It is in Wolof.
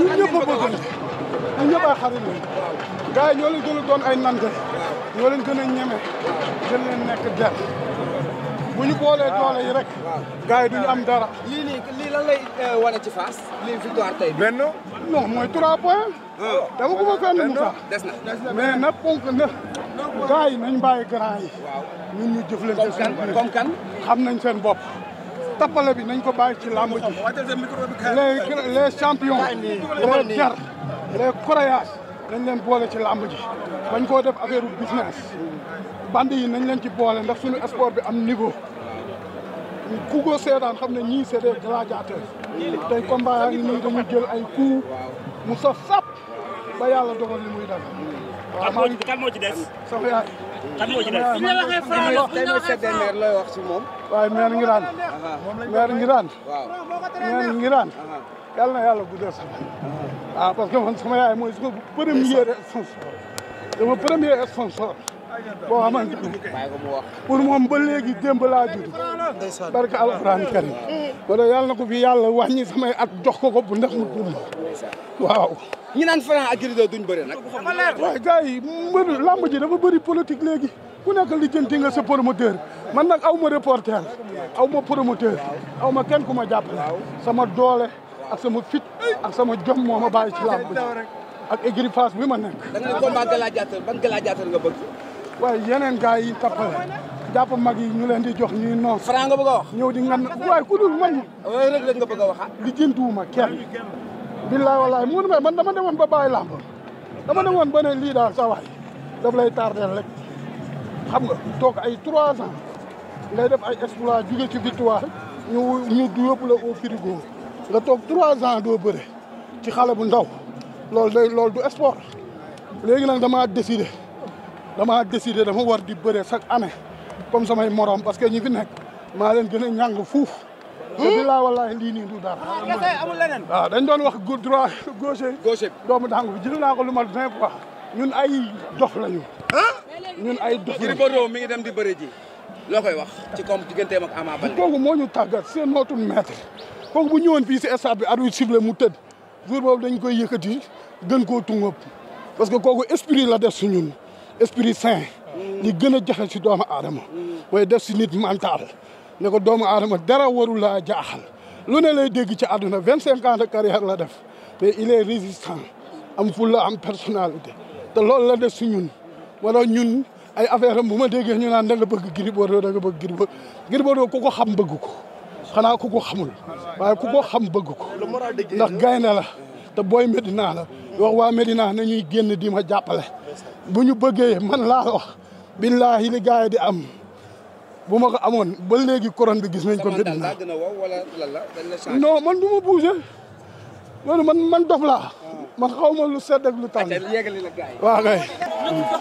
ñun ñëpp bëgg ñun ñëpp ay xarit lañ gars yi ñoo leen gën doon ay nante ñoo leen gën a ñeme gën leen nekk der bu ñu boolee doole yi rek gars yi duñu am dara lii nii lii lan lay euh, wane ci Fass lii victoire tey benn non mooy trois points oh. dama ko ma fenn Moussa des na mais na ponk na gars yi nañ bàyyi grand yi ñun ñu jëflante seen comme kan xam nañ seen bopp tappale bi nañ ko bàyyi ci làmb ji les les champions les jar les coréas nañ leen boole ci làmb ji bañ koo def a affaire business band yi nañ leen ci boole ndax suñu sport bi am niveau ku ko seetaan xam nañ ñii c'est des gladiateurs tey combat yaa ngi nii jël ay coups mu saf sap ba yàlla dogal li muy dal waaw kan moo ci des Safia kan moo ci des. bu ñu la waxee Franc bu ñu la waxee Franc tey mooy sa dernier looy wax si moom. waaye meer Ngiraan meer Ngiraan meer Ngiraan yàlla na yàlla guddal sax waaw ah, parce que man sama yaay mooy sama premier sponsor sama premier sponsor boo xamante ni pour moom ba léegi démb laa judd barke alxuraan karim wala yàlla na ko fi yàlla wàññi samay at jox ko ko bu ndax mu dund waaw ñi naan Franc ak Gris 2 duñ bëri nag waaye gars yi mbër lamb ji dafa bëri politique léegi ku nekk lijjanti nga sa promoteur man nag aw ma reporter aw ma promoteur aw ma kenn ku ma jàppale sama doole ak sama fit ak sama jom moo ma bàyyi ci làmb ak écurie Fass bi ma nekk. da nga ne combat gladiateur ban gladiateur nga bëgg. waaye yeneen gars yi tappale jàpp mag yi ñu leen di jox ñuy noos. Franc nga bëgg a wax. ñëw di ngan waaye ku dul man. waaye rek rek nga bëgg a waxaat. Ah? lijjantiwuma kenn. billaay walaay mu ne man dama demoon ba bàyyi làmb dama demoon ba ne lii daal sa waay daf lay tardel rek. xam nga a trois ans ngay def ay exploit jóge ci victoire la au frigo trois ans doo bëre ci xale bu ndaw loolu day loolu du sport léegi nag a décidé damaa décidé dama war di bëre chaque année comme samay morom parce que a ñàng fuuf ans. bi laa wallaahi ans. dara. ans. Ah, dañ doon wax droit ans. bi jël ñun ay dugg Gris Bordeaux mi ngi dem di bëri ji loo koy wax ci comme digganteem ak Ama Baldé kooku moo ñu tàggat c'est notre maître kooku bu ñëwoon fii si stade bi arbitre sifflé mu tëdd jour boobu dañu koy yëkkati gën koo tungëp parce que kooku esprit la def su ñun esprit sain ñi mm. gën a jaxe si doomu aadama mm. mooy def si nit mental ne ko doomu aadama dara waru laa jaaxal lu ne lay dégg ci àdduna vingt cinq ans de carrière la def mais il est résistant am fulla am personnalité te loolu la def su ñun wala ñun ay affaire am bu ma déggee ñu naan da nga bëgg Gris Bordeaux da nga bëgg Gris ku ko xam bëggu ko xanaa ku ko xamul waaye ku ko xam bëgg ko ndax gaynde la te booy Medina la wax waa Medina na ñuy génn di ma jàppale bu ñu bëggee man laa wax billaahi li gars di am bu ma ko amoon ba léegi couronne bi gis nañ ko Medina non man du ma bougé man man dof laa man xaw ma lu sedd ak lu tàng. waaw kay.